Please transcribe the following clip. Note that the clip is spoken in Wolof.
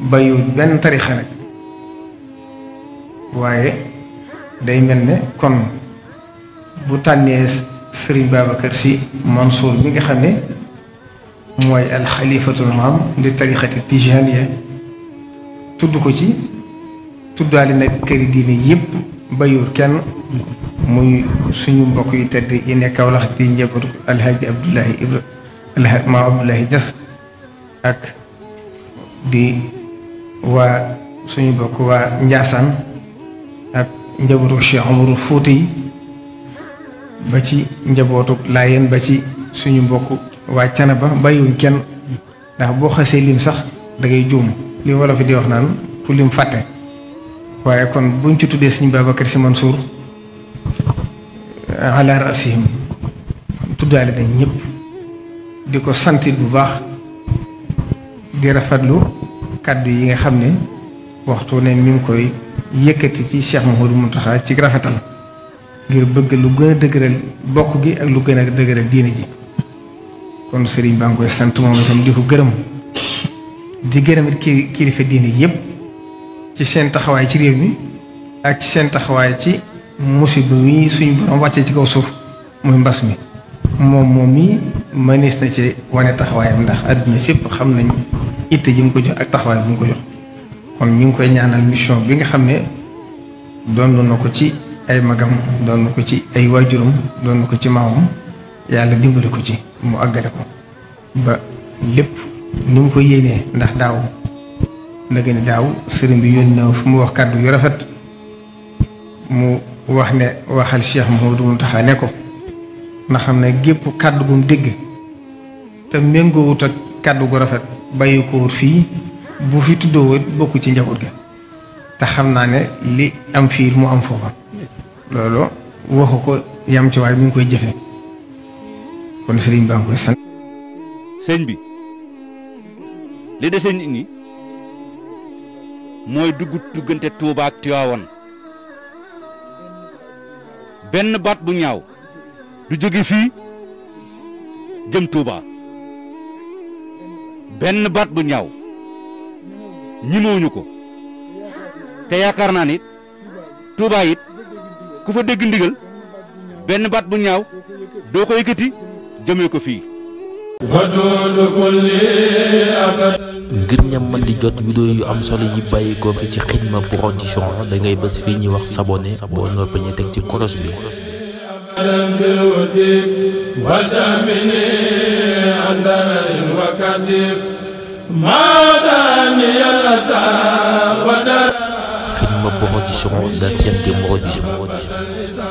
bàyyiwut benn tarixa nag waaye day mel ne kon bu tànnee Serigne Babacar Sy Mansour bi nga xam ne mooy alxalifatul maam di tarixati tijaniya tudd ko ci tuddaale nag këri diine yépp bàyyiwut kenn muy suñu mbokk yu tedd yi nekk Kawlax di njaboot alxaaji Abdullahi Ibra alxaaji maam Abdullahi Niass ak di waa suñu bokk waa Njaasaan ak njabootu Cheikh Omarou Fouti ba ci njabootu Laayeen ba ci suñu mbokk waa Canaba bàyyiwuñ kenn ndax boo xasee lim sax dangay ngay juum li wolof di wax naan ku lim fàtte waaye kon buñ ci tuddee suñu Babacar Sy Mansour ala rasihim tuddaale nañ ñëpp di ko santit bu baax di rafetlu kàddu yi nga xam ne waxtu ne mi koy yëkkati ci Cheikh Mouhamadou Mountakha ci rafetal ngir bëgg lu gën a bokk gi ak lu gën a dëgëral diine ji kon sëriñ baa ngi koy sant moom itam di ko gërëm di gërëm ki kilifa diine yépp ci seen taxawaay ci réew mi ak ci seen taxawaay ci musiba mi suñu borom wàccee ci kaw suuf muy mbas mi moom moom mi mënees na ci wane taxawaayam ndax àdduna sépp xam nañ itte ji mu ko jox ak taxawaay bi mu ko jox kon ñu ngi koy ñaanal mission bi nga xam ne doon na ko ci ay magam doon na ko ci ay waajuram doon na ko ci maamam yàlla dimbali ko ci mu àggale ko ba lépp ni mu ko yéenee ndax daaw na gën daaw sëriñ bi yónni na fu mu wax kàddu yu rafet mu wax ne waxal Cheikh Mouhamadou Mountakha ne ko na xam ne gépp kàddu gum dégg te méngoowut ak kàddu gu rafet bàyyi ko fii bu fi tuddoo wut bokk ci njaboot ga te xam naa ne li am fii mu am foofa loolu waxu ko yam ci waaye mi ngi koy jëfe kon sëriñ baa ngi koy sant sëñ bi li de sëñ ni mooy dugg duggante Tuuba ak Tiwaawan benn baat bu ñaaw du jóge fii jëm Tuuba benn baat bu ñaaw ñimewuñu ko te yaakaar naa ni Touba it ku fa dégg ndigal benn baat bu ñaaw doo ko yëkkati jëmee ko fii. ngir ñam mën di jot vidéo yu am solo yi bàyyi ko fi ci Xidma Production da ngay fii ñuy wax sabonné boo noppee ñu teg ci kolos bi. عن درر وكذب ما داني الأسى ودر خدمة بهدي شمو لا تيم دي مغدي شمو